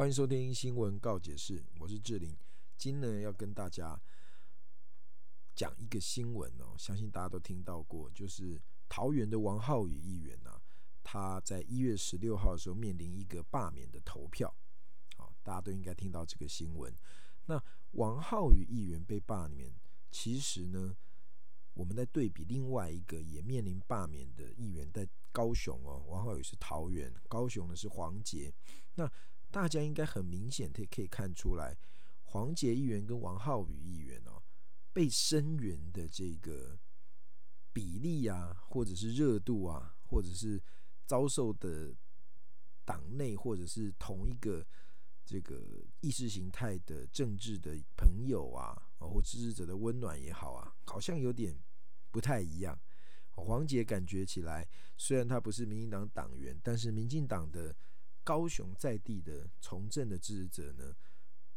歡迎收聽《新聞告解室》，我是志玲。今呢要跟大家講一個新聞哦，相信大家都聽到過，就是桃園的王浩宇議員呢、啊，他在一月十六號的時候面臨一個罷免的投票。好，大家都應該聽到這個新聞。那王浩宇議員被罷免，其實呢，我們在對比另外一個也面臨罷免的議員，在高雄哦，王浩宇是桃園，高雄呢是黃捷。那大家應該很明顯，可以可以看出來，黃捷議員跟王浩宇議員哦、喔，被聲援的這個比例啊，或者是熱度啊，或者是遭受的黨內或者是同一個這個意識形態的政治的朋友啊，哦或支持者的溫暖也好啊，好像有點不太一樣。黃捷感覺起來，雖然他不是民進黨黨員，但是民進黨的。高雄在地的從政的支持者呢，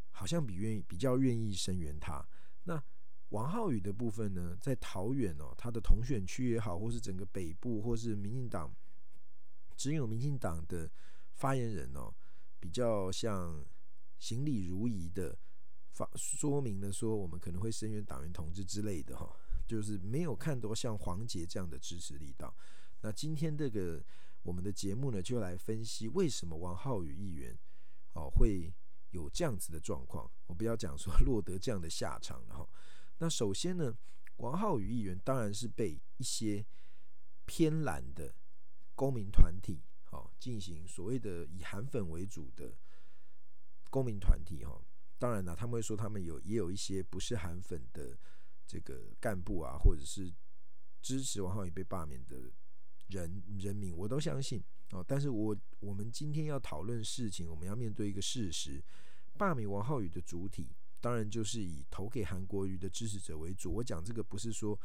好像比願意比較願意聲援他。那王浩宇的部分呢，在桃園哦，他的同選區也好，或是整個北部，或是民進黨，只有民進黨的發言人哦，比較像行禮如儀的發說明的說，我們可能會聲援黨員同志之類的哈、哦，就是沒有看到像黃捷這樣的支持力道。那今天這個。我們的節目呢，就來分析為什麼王浩宇議員哦，會有這樣子的狀況。我不要講說落得這樣的下場了哈。那首先呢，王浩宇議員當然是被一些偏藍的公民團體哦進行所謂的以韓粉為主的公民團體哈。當然了，他們會說他們有也有一些不是韓粉的這個幹部啊，或者是支持王浩宇被罷免的。人人民我都相信哦，但是我我們今天要討論事情，我們要面對一個事實：罷免王浩宇的主體當然就是以投給韓國瑜的支持者為主。我講這個不是說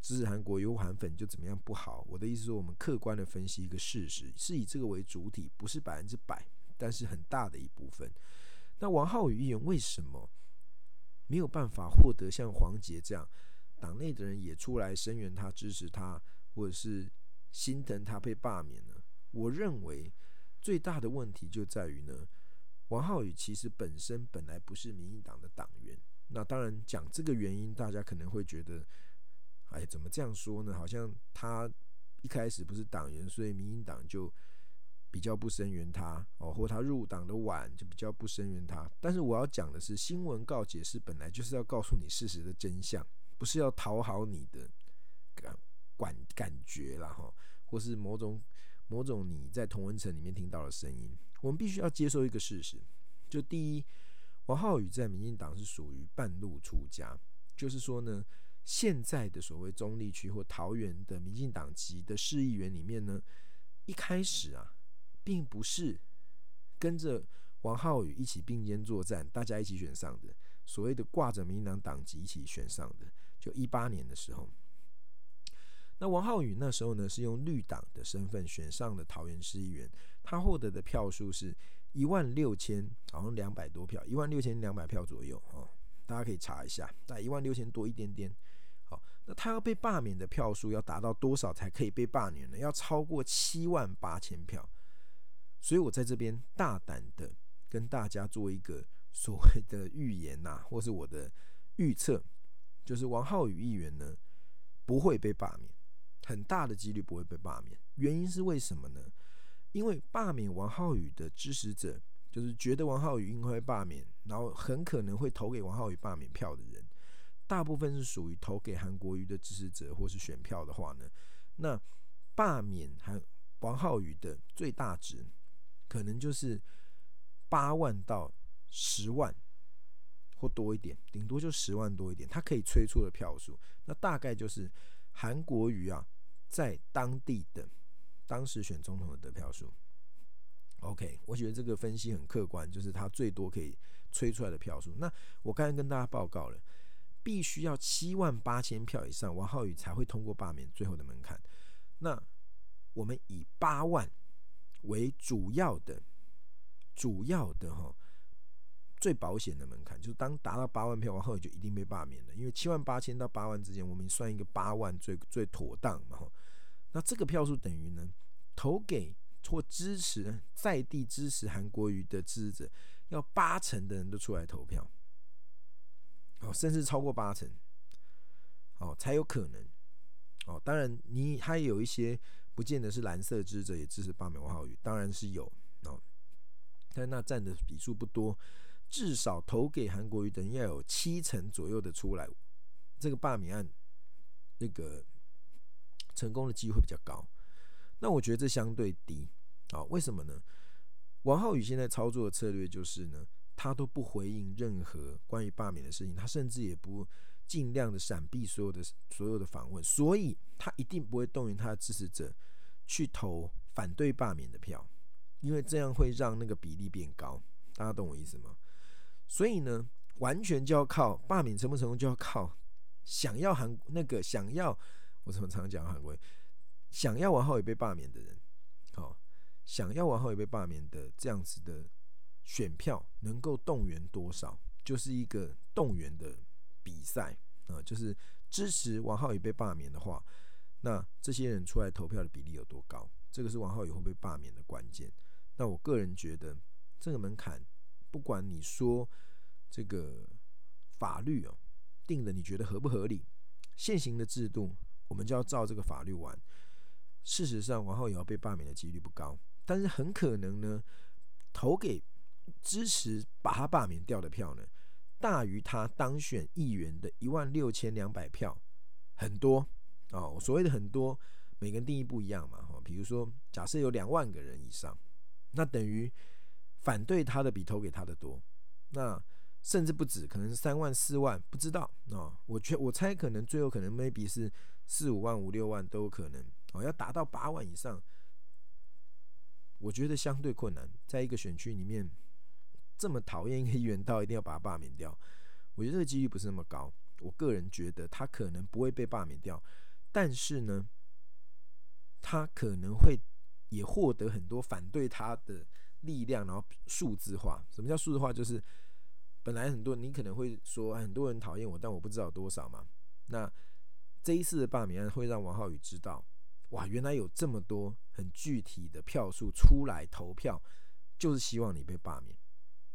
支持韓國瑜韓粉就怎麼樣不好，我的意思是說，我們客觀的分析一個事實，是以這個為主體，不是百分之百，但是很大的一部分。那王浩宇議員為什麼沒有辦法獲得像黃捷這樣黨內的人也出來聲援他，支持他，或者是？心疼他被罷免了。我認為最大的問題就在於呢，王浩宇其實本身本來不是民進黨的黨員。那當然講這個原因，大家可能會覺得，哎，怎麼這樣說呢？好像他一開始不是黨員，所以民進黨就比較不聲援他哦，或他入黨的晚就比較不聲援他。但是我要講的是，新聞告解室本來就是要告訴你事實的真相，不是要討好你的。感感覺了哈，或是某種某種你在同溫層裡面聽到的聲音，我們必須要接受一個事實，就第一，王浩宇在民進黨是屬於半路出家，就是說呢，現在的所謂中立區或桃園的民進黨籍的市議員裡面呢，一開始啊，並不是跟着王浩宇一起並肩作戰、大家一起選上的，所謂的掛着民進黨黨籍一起選上的，就一八年的時候。那王浩宇那時候呢，是用綠黨的身份選上的桃園市議員，他獲得的票數是一萬六千，好像兩百多票，一萬六千兩百票左右，大家可以查一下，大概一萬六千多一點點。好，那他要被罷免的票數要達到多少才可以被罷免呢？要超過七萬八千票。所以我在這邊大膽的跟大家做一個所謂的預言吶、啊，或是我的預測，就是王浩宇議員呢，不會被罷免。很大的幾率不會被罷免，原因是為什麼呢？因為罷免王浩宇的支持者，就是覺得王浩宇應該被罷免，然後很可能會投給王浩宇罷免票的人，大部分是屬於投給韓國瑜的支持者或是選票的話呢，那罷免韓王浩宇的最大值，可能就是八萬到十萬或多一點，頂多就十萬多一點，他可以催出的票數，那大概就是韓國瑜啊在當地的當時選總統的得票數，OK，我覺得這個分析很客觀，就是他最多可以催出來的票數。那我剛才跟大家報告了，必須要七萬八千票以上，王浩宇才會通過罷免最後的門檻。那我們以八萬為主要的、主要的哈，最保險的門檻就是當達到八萬票，王浩宇就一定被罷免了。因為七萬八千到八萬之間，我們算一個八萬最最妥當嘛。那這個票數等於呢，投給或支持在地支持韓國瑜的支持者，要八成的人都出來投票，哦，甚至超過八成，哦，才有可能，哦，當然你還有一些不見得是藍色支持者也支持罷免王浩宇，當然是有哦，但那佔的比數不多，至少投給韓國瑜的人要有七成左右的出來，這個罷免案那、這個。成功的機會比較高，那我覺得這相對低啊、哦？為什麼呢？王浩宇現在操作的策略就是呢，他都不回應任何關於罷免的事情，他甚至也不儘量的閃避所有的所有的訪問，所以他一定不會動員他的支持者去投反對罷免的票，因為這樣會讓那個比例變高。大家懂我意思嗎？所以呢，完全就要靠罷免成不成功，就要靠想要韓那個想要。我怎麼常講很國？想要王浩宇被罷免的人，好，想要王浩宇被罷免的這樣子的選票能夠動員多少，就是一個動員的比賽啊。就是支持王浩宇被罷免的話，那這些人出來投票的比例有多高，這個是王浩宇會被罷免的關鍵。那我個人覺得，這個門檻，不管你說這個法律哦定了，你覺得合不合理？現行的制度。我們就要照這個法律玩。事實上，王浩宇要被罷免的幾率不高，但是很可能呢，投給支持把他罷免掉的票呢，大於他當選議員的一萬六千兩百票，很多啊、哦。所謂的很多，每個人定義不一樣嘛。哈、哦，比如說，假設有兩萬個人以上，那等於反對他的比投給他的多，那甚至不止，可能是三萬四萬，不知道啊、哦。我覺我猜，可能最後可能 maybe 是。四五萬、五六萬都有可能哦。要達到八萬以上，我覺得相對困難。在一個選區裡面，這麼討厭一個議員，到一定要把他罷免掉，我覺得這個幾率不是那麼高。我個人覺得他可能不會被罷免掉，但是呢，他可能會也獲得很多反對他的力量，然後數字化。什麼叫數字化？就是本來很多你可能會說很多人討厭我，但我不知道多少嘛。那這一次的罷免案會讓王浩宇知道，哇，原來有這麼多很具體的票數出來投票，就是希望你被罷免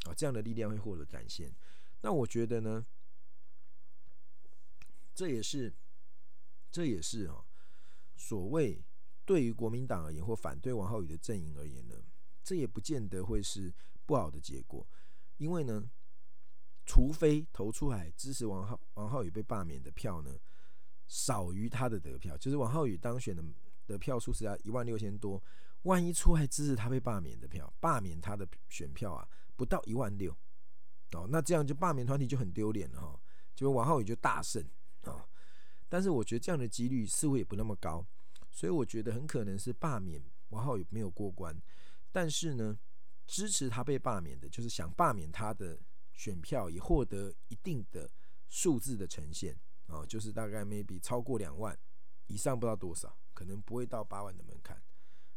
啊！這樣的力量會獲得展現。那我覺得呢，這也是，這也是啊、哦，所謂對於國民黨而言，或反對王浩宇的陣營而言呢，這也不見得會是不好的結果，因為呢，除非投出來支持王浩王浩宇被罷免的票呢。少於他的得票，就是王浩宇當選的得票數是在一萬六千多。萬一出來支持他被罷免的票，罷免他的選票啊，不到一萬六哦，那這樣就罷免團體就很丟臉了哈，結果王浩宇就大勝啊、哦。但是我覺得這樣的幾率似乎也不那麼高，所以我覺得很可能是罷免王浩宇沒有過關。但是呢，支持他被罷免的，就是想罷免他的選票也獲得一定的數字的呈現。哦，就是大概 maybe 超過兩萬以上，不知道多少，可能不會到八萬的門檻。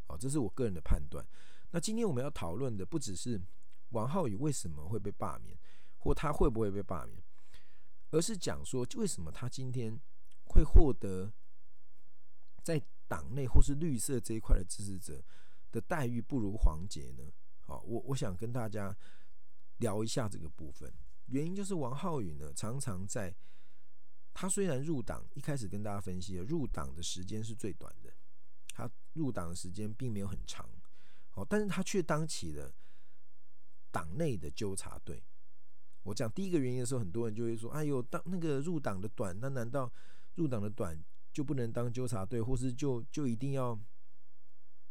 好、哦，這是我個人的判斷。那今天我們要討論的不只是王浩宇為什麼會被罷免，或他會不會被罷免，而是講說為什麼他今天會獲得在黨內或是綠色這一塊的支持者的待遇不如黃捷呢？好、哦，我我想跟大家聊一下這個部分。原因就是王浩宇呢，常常在他雖然入黨，一開始跟大家分析了，入黨的時間是最短的。他入黨的時間並沒有很長，哦，但是他卻當起了黨內的糾察隊。我講第一個原因的時候，很多人就會說：“哎呦，當那個入黨的短，那難道入黨的短就不能當糾察隊，或是就就一定要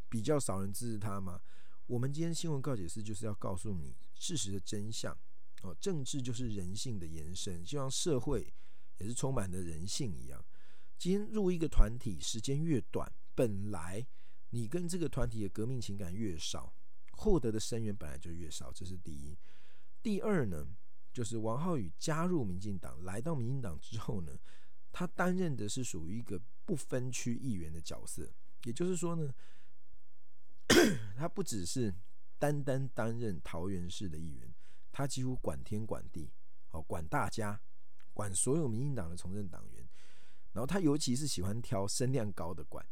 比較少人支持他嗎？”我們今天新聞告解室就是要告訴你事實的真相。哦，政治就是人性的延伸，希望社會，也是充滿了人性一樣。今天入一個團體時間越短，本來你跟這個團體的革命情感越少，獲得的聲援本來就越少，這是第一。第二呢，就是王浩宇加入民進黨，來到民進黨之後呢，他擔任的是屬於一個不分區議員的角色，也就是說呢，他不只是單單擔任桃園市的議員，他幾乎管天管地，哦，管大家。管所有民進黨的從政黨員，然後他尤其是喜歡挑聲量高的管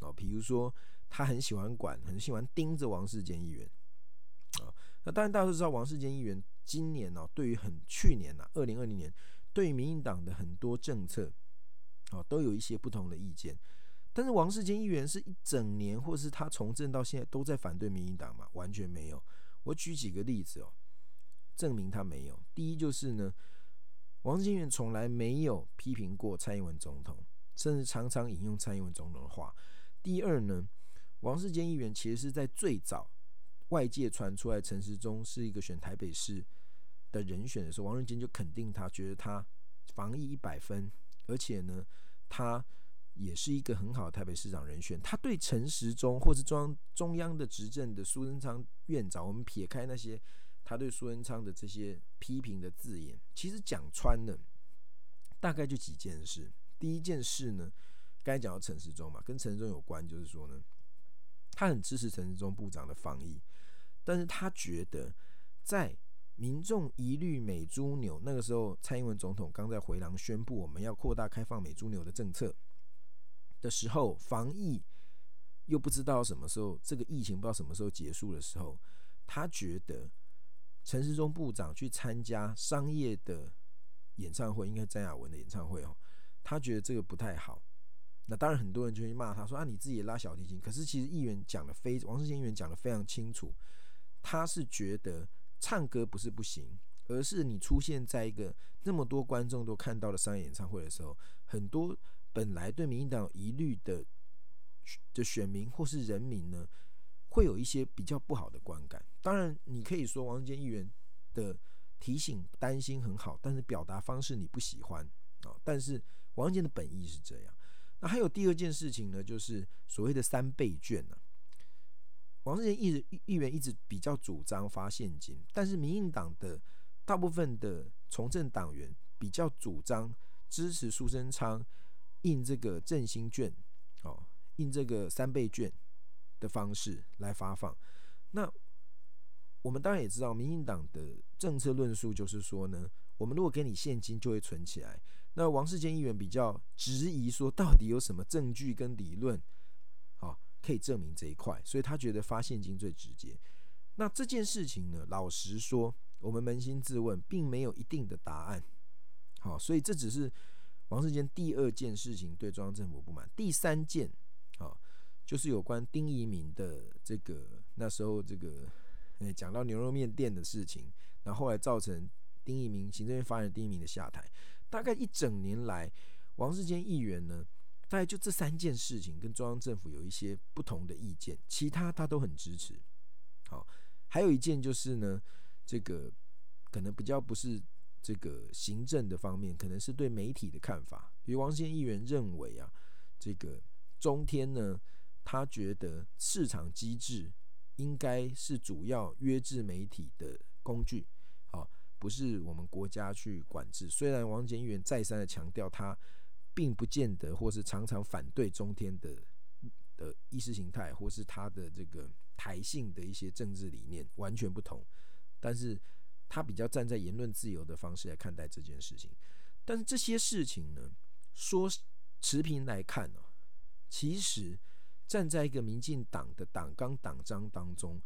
哦、喔，比如說他很喜歡管，很喜歡盯着王世堅議員啊、喔。那當然大家都知道，王世堅議員今年呢、喔，對於很去年吶，二零二零年，對民進黨的很多政策哦、喔，都有一些不同的意見。但是王世堅議員是一整年，或是他從政到現在都在反對民進黨嘛，完全沒有。我舉幾個例子哦、喔，證明他沒有。第一就是呢。王世堅從來沒有批評過蔡英文總統，甚至常常引用蔡英文總統的話。第二呢，王世堅議員其實是在最早外界傳出來陳時中是一個選台北市的人選的時候，王世堅就肯定他，覺得他防疫一百分，而且呢，他也是一個很好的台北市長人選。他對陳時中或是中央中央的執政的蘇貞昌院長，我們撇開那些。他對蘇貞昌的這些批評的字眼，其實講穿了，大概就幾件事。第一件事呢，剛才講到陳時中嘛，跟陳時中有關，就是說呢，他很支持陳時中部長的防疫，但是他覺得，在民眾疑慮美豬牛那個時候，蔡英文總統剛在回廊宣布我們要擴大開放美豬牛的政策的時候，防疫又不知道什麼時候這個疫情不知道什麼時候結束的時候，他覺得。陳時中部長去參加商業的演唱會，應該是詹雅雯的演唱會哦，他覺得這個不太好。那當然，很多人就會罵他說：“啊，你自己也拉小提琴。”可是其實議員講的非王世堅議員講的非常清楚，他是覺得唱歌不是不行，而是你出現在一個那麼多觀眾都看到了商業演唱會的時候，很多本來對民進黨有疑慮的的選民或是人民呢，會有一些比較不好的觀感。當然，你可以說王浩宇議員的提醒、擔心很好，但是表達方式你不喜歡啊、哦。但是王浩宇的本意是這樣。那還有第二件事情呢，就是所謂的三倍券呢、啊。王浩宇議，議員一直比較主張發現金，但是民進黨的大部分的從政黨員比較主張支持蘇貞昌印這個振興券，哦，印這個三倍券。的方式來發放，那我們當然也知道，民進黨的政策論述就是說呢，我們如果給你現金，就會存起來。那王世堅議員比較質疑說，到底有什麼證據跟理論啊，可以證明這一塊？所以他覺得發現金最直接。那這件事情呢，老實說，我們捫心自問，並沒有一定的答案。好，所以這只是王世堅第二件事情對中央政府不滿，第三件啊。好就是有關丁怡銘的這個，那時候這個，誒、欸、講到牛肉麵店的事情，然後後來造成丁怡銘行政院發言人丁怡銘的下台。大概一整年來，王世堅議員呢，大概就這三件事情跟中央政府有一些不同的意見，其他他都很支持。好，還有一件就是呢，這個可能比較不是這個行政的方面，可能是對媒體的看法。比如王世堅議員認為啊，這個中天呢。他覺得市場機制應該是主要約制媒體的工具，好，不是我們國家去管制。雖然王建遠再三的強調，他並不見得或是常常反對中天的的意識形態，或是他的這個台性的一些政治理念完全不同，但是他比較站在言論自由的方式來看待這件事情。但是這些事情呢，說持平來看呢，其實。站在一個民進黨的黨綱黨章當中，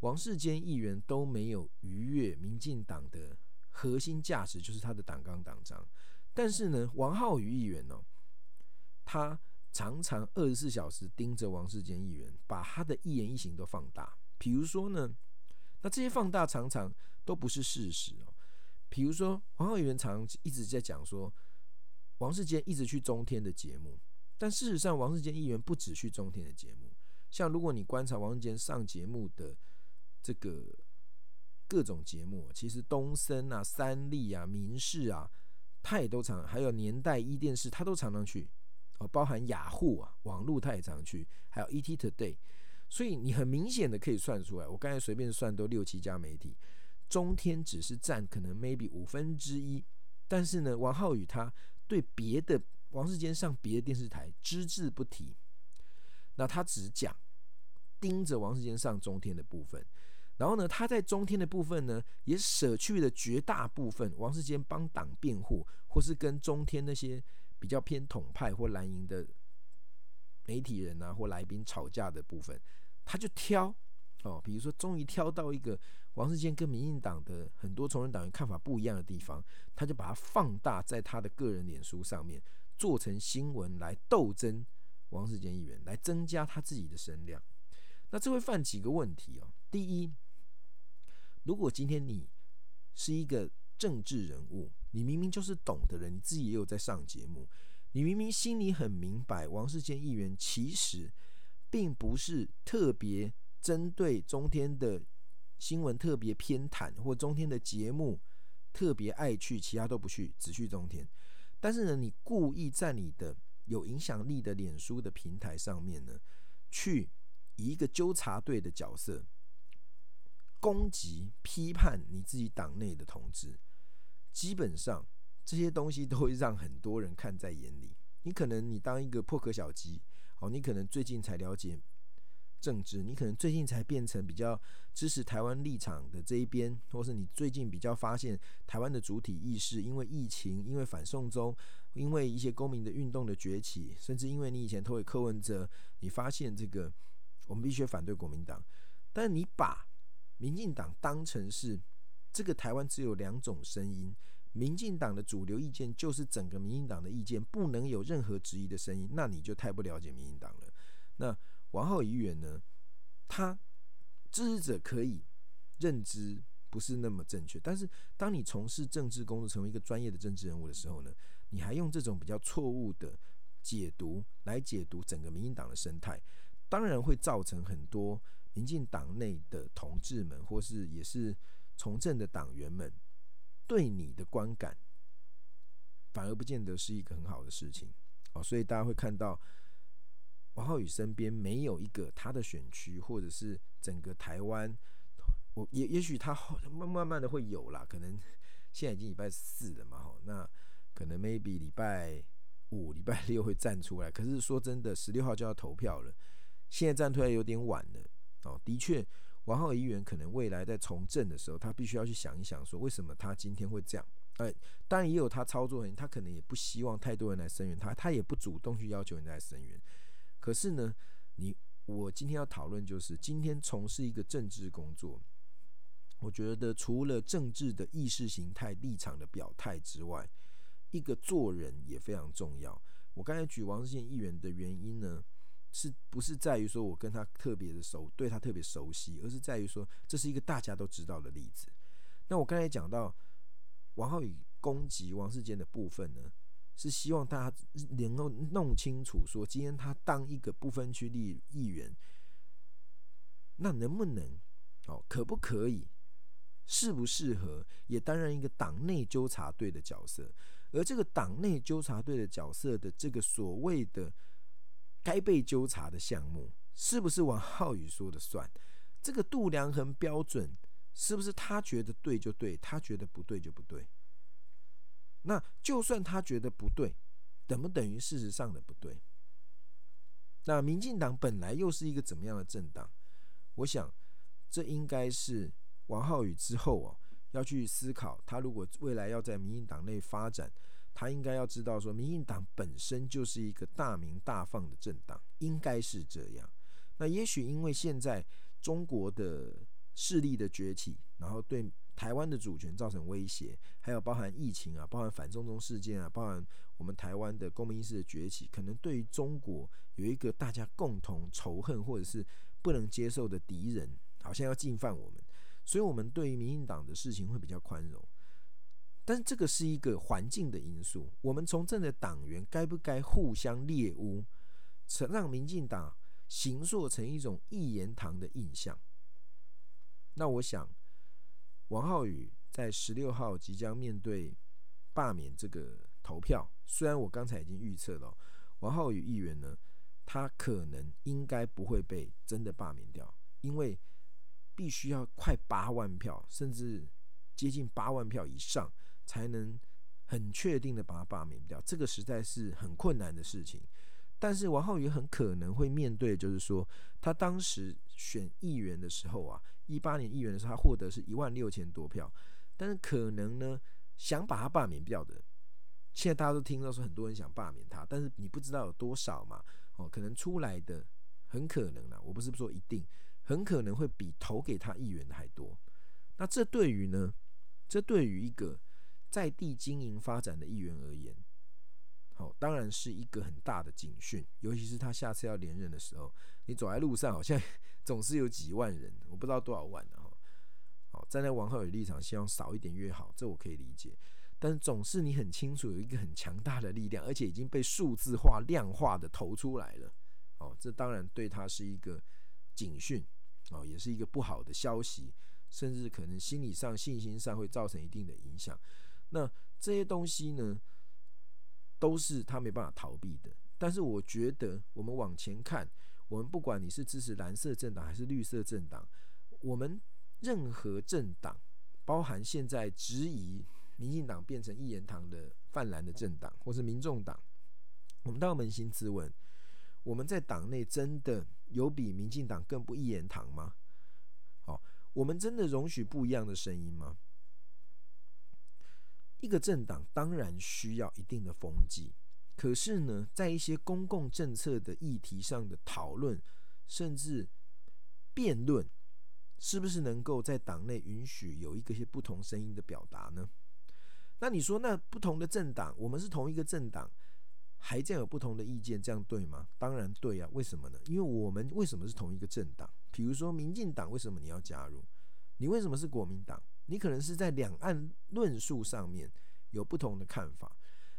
王世堅議員都沒有逾越民進黨的核心價值，就是他的黨綱黨章。但是呢，王浩宇議員呢、喔，他常常二十四小時盯着王世堅議員，把他的一言一行都放大。比如說呢，那這些放大常常都不是事實哦、喔。比如說，王浩宇議員常一直在講說，王世堅一直去中天的節目。但事實上，王世堅議員不只去中天的節目。像如果你觀察王世堅上節目的這個各種節目，其實東森啊、三立啊、民視啊，他也都常，常，還有年代壹電視，他都常常去。哦，包含雅虎、ah、啊、網路，他也常，常去，還有 ET Today。所以你很明顯的可以算出來，我剛才隨便算都六七家媒體，中天只是佔可能 maybe 五分之一，5，但是呢，王浩宇他對別的。王世堅上別的電視台只字不提，那他只講盯着王世堅上中天的部分。然後呢，他在中天的部分呢，也捨去了絕大部分王世堅幫黨辯護或是跟中天那些比較偏統派或藍營的媒體人啊、或來賓吵架的部分，他就挑哦，比如說終於挑到一個王世堅跟民進黨的很多從政黨員看法不一樣的地方，他就把它放大在他的個人臉書上面。做成新聞來鬥爭王世堅議員，來增加他自己的聲量。那這會犯幾個問題哦？第一，如果今天你是一個政治人物，你明明就是懂的人，你自己也有在上節目，你明明心裡很明白，王世堅議員其實並不是特別針對中天的新聞特別偏袒，或中天的節目特別愛去，其他都不去，只去中天。但是呢，你故意在你的有影響力的臉書的平台上面呢，去以一個糾察隊的角色攻擊、批判你自己黨內的同志，基本上這些東西都會讓很多人看在眼裡。你可能你當一個破殼小雞，哦，你可能最近才了解。政治，你可能最近才變成比較支持台灣立場的這一邊，或是你最近比較發現台灣的主體意識，因為疫情，因為反送中，因為一些公民的運動的崛起，甚至因為你以前投給柯文哲，你發現這個我們必須反對國民黨，但你把民進黨當成是這個台灣只有兩種聲音，民進黨的主流意見就是整個民進黨的意見，不能有任何質疑的聲音，那你就太不了解民進黨了，那。王浩宇議員呢，他支持者，可以認知不是那麼正確，但是當你從事政治工作，成為一個專業的政治人物的時候呢，你還用這種比較錯誤的解讀來解讀整個民進黨的生態，當然會造成很多民進黨內的同志們，或是也是從政的黨員們對你的觀感，反而不見得是一個很好的事情。哦，所以大家會看到。王浩宇身邊沒有一個他的選區，或者是整個台灣，我也也許他後慢慢慢的會有啦。可能現在已經禮拜四了嘛，那可能 maybe 禮拜五、禮拜六會站出來。可是說真的，十六號就要投票了，現在站出來有點晚了哦。的確，王浩宇議員可能未來在從政的時候，他必須要去想一想，說為什麼他今天會這樣？哎、欸，當然也有他操作人，他可能也不希望太多人來聲援他，他也不主動去要求人家來聲援。可是呢，你我今天要討論就是，今天從事一個政治工作，我覺得除了政治的意識形態、立場的表態之外，一個做人也非常重要。我剛才舉王世堅議員的原因呢，是不是在於說我跟他特別的熟，對他特別熟悉，而是在於說這是一個大家都知道的例子。那我剛才講到王浩宇攻擊王世堅的部分呢，是希望大家能夠弄清楚，說今天他當一個不分區立議員，那能不能，哦，可不可以，適不適合也擔任一個黨內糾察隊的角色？而這個黨內糾察隊的角色的這個所謂的該被糾察的項目，是不是王浩宇說的算？這個度量衡標準是不是他覺得對就對，他覺得不對就不對？那就算他覺得不對，等不等於事實上的不對？那民進黨本來又是一個怎麼樣的政黨？我想，這應該是王浩宇之後哦，要去思考，他如果未來要在民進黨內發展，他應該要知道說，民進黨本身就是一個大鳴大放的政黨，應該是這樣。那也許因為現在中國的勢力的崛起，然後對。台灣的主權造成威脅，還有包含疫情啊，包含反送中事件啊，包含我們台灣的公民意識的崛起，可能對於中國有一個大家共同仇恨或者是不能接受的敵人，好像要進犯我們，所以我們對於民進黨的事情會比較寬容。但這個是一個環境的因素，我們從政的黨員該不該互相獵巫，讓民進黨形塑成一種一言堂的印象？那我想。王浩宇在十六號即將面對罷免這個投票，雖然我剛才已經預測了，王浩宇議員呢，他可能應該不會被真的罷免掉，因為必須要快八萬票，甚至接近八萬票以上，才能很確定的把他罷免掉，這個實在是很困難的事情。但是王浩宇很可能會面對，就是說他當時選議員的時候啊。一八年議員的時候，他獲得是一萬六千多票，但是可能呢，想把他罷免掉的，現在大家都聽到說很多人想罷免他，但是你不知道有多少嘛，哦，可能出來的很可能啦，我不是不說一定，很可能會比投給他議員的還多，那這對於呢，這對於一個在地經營發展的議員而言，好、哦、當然是一個很大的警訊，尤其是他下次要連任的時候，你走在路上好像。總是有幾萬人，我不知道多少萬的哈。好，站在王浩宇立場，希望少一點越好，這我可以理解。但是總是你很清楚有一個很強大的力量，而且已經被數字化、量化的投出來了。哦，這當然對他是一個警訊，哦，也是一個不好的消息，甚至可能心理上、信心上會造成一定的影響。那這些東西呢，都是他沒辦法逃避的。但是我覺得我們往前看。我們不管你是支持藍色政黨還是綠色政黨，我們任何政黨，包含現在質疑民進黨變成一言堂的泛藍的政黨，或是民眾黨，我們都要捫心自問：我們在黨內真的有比民進黨更不一言堂嗎？好，我們真的容許不一樣的聲音嗎？一個政黨當然需要一定的風紀。可是呢，在一些公共政策的議題上的討論，甚至辯論，是不是能夠在黨內允許有一個一些不同聲音的表達呢？那你說，那不同的政黨，我們是同一個政黨，還這樣有不同的意見，這樣對嗎？當然對啊，為什麼呢？因為我們為什麼是同一個政黨？比如說民進黨，為什麼你要加入？你為什麼是國民黨？你可能是在兩岸論述上面有不同的看法。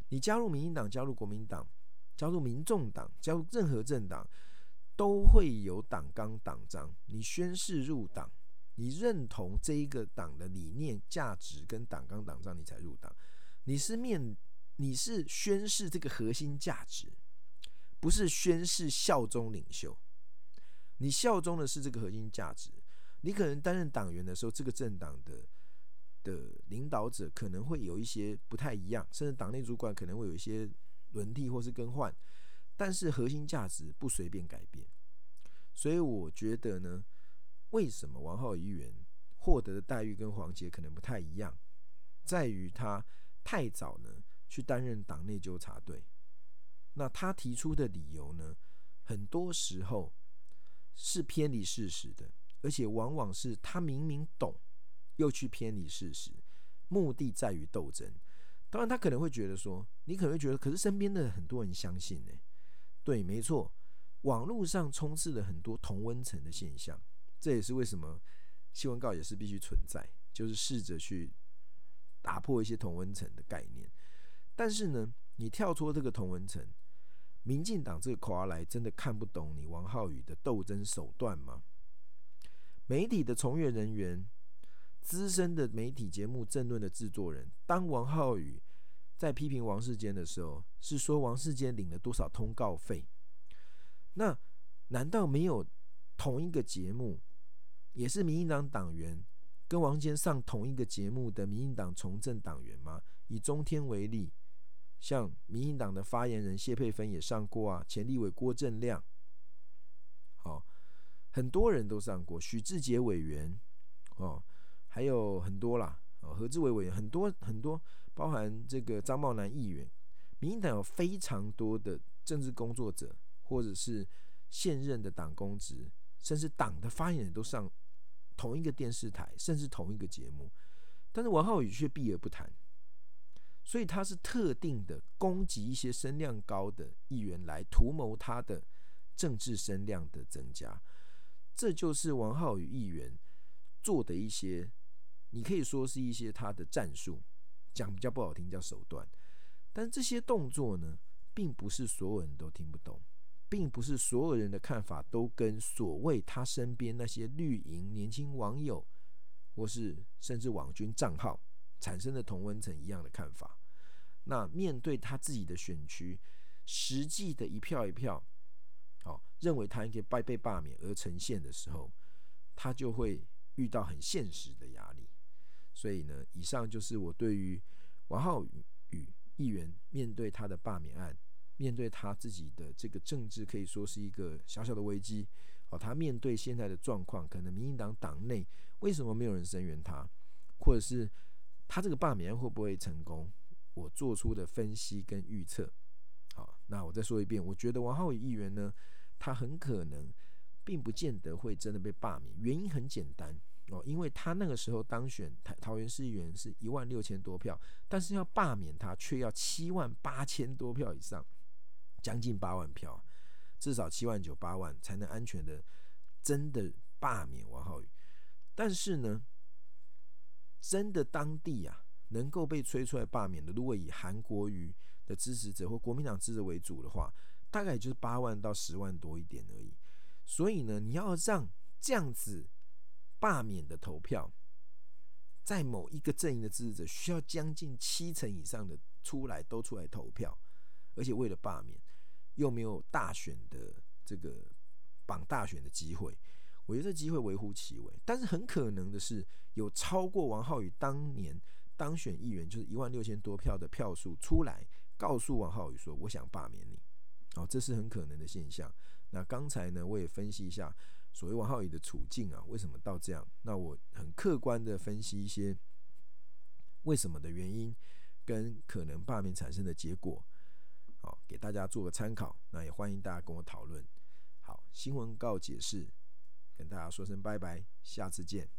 你加入民進黨、加入國民黨、加入民眾黨、加入任何政黨，都會有黨綱、黨章。你宣誓入黨，你認同這一個黨的理念、價值跟黨綱、黨章，你才入黨。你是面，你是宣誓這個核心價值，不是宣誓效忠領袖。你效忠的是這個核心價值。你可能擔任黨員的時候，這個政黨的。的領導者可能會有一些不太一樣，甚至黨內主管可能會有一些輪替或是更換，但是核心價值不隨便改變。所以我覺得呢，為什麼王浩宇議員獲得的待遇跟黃捷可能不太一樣，在於他太早呢去擔任黨內糾察隊。那他提出的理由呢，很多時候是偏離事實的，而且往往是他明明懂，又去偏離事實，目的在於鬥爭。當然，他可能會覺得說，你可能會覺得，可是身邊的很多人相信呢、欸。對，沒錯，網絡上充斥了很多同溫層的現象，這也是為什麼新聞稿也是必須存在，就是試着去打破一些同溫層的概念。但是呢，你跳出這個同溫層，民進黨這個口號來，真的看不懂你王浩宇的鬥爭手段嗎？媒體的從業人員。資深的媒體節目政論的製作人，當王浩宇在批評王世堅的時候，是說王世堅領了多少通告費？那難道沒有同一個節目，也是民進黨黨員跟王堅上同一個節目的民進黨從政黨員嗎？以中天為例，像民進黨的發言人謝佩芬也上過啊，前立委郭正亮，好，很多人都上過，許智傑委員，哦。還有很多啦，何志偉委員很多很多，包含這個張茂南議員，民進黨有非常多的政治工作者，或者是現任的黨公職，甚至黨的發言人，都上同一個電視台，甚至同一個節目。但是王浩宇卻避而不談，所以他是特定的攻擊一些聲量高的議員，來圖謀他的政治聲量的增加。這就是王浩宇議員做的一些。你可以說是一些他的戰術，講比較不好聽叫手段，但這些動作呢，並不是所有人都聽不懂，並不是所有人的看法都跟所謂他身邊那些綠營年輕網友，或是甚至網軍賬號產生的同溫層一樣的看法。那面對他自己的選區，實際的一票一票，好、哦，認為他應該被被罷免而呈現的時候，他就會遇到很現實的。所以呢，以上就是我對於王浩宇議員面對他的罷免案，面對他自己的這個政治，可以說是一個小小的危機。好，他面對現在的狀況，可能民進黨黨內為什麼沒有人聲援他，或者是他這個罷免會不會成功？我做出的分析跟預測。好，那我再說一遍，我覺得王浩宇議員呢，他很可能並不見得會真的被罷免，原因很簡單。哦，因為他那個時候當選桃桃園市議員是一萬六千多票，但是要罷免他却要七萬八千多票以上，將近八萬票，至少七萬九八萬才能安全的真的罷免王浩宇。但是呢，真的當地啊能夠被催出來罷免的，如果以韓國瑜的支持者或國民黨支持為主的話，大概也就是八萬到十萬多一點而已。所以呢，你要讓這樣子。罷免的投票，在某一個陣營的支持者需要將近七成以上的出來都出來投票，而且為了罷免，又沒有大選的這個綁大選的機會，我覺得這機會微乎其微。但是很可能的是，有超過王浩宇當年當選議員就是一萬六千多票的票數出來，告訴王浩宇說：“我想罷免你。”好，這是很可能的現象。那剛才呢，我也分析一下。所謂王浩宇的處境啊，為什麼到這樣？那我很客觀的分析一些為什麼的原因，跟可能罷免產生的結果，好，給大家做個參考。那也歡迎大家跟我討論。好，新聞告解室，跟大家說聲拜拜，下次見。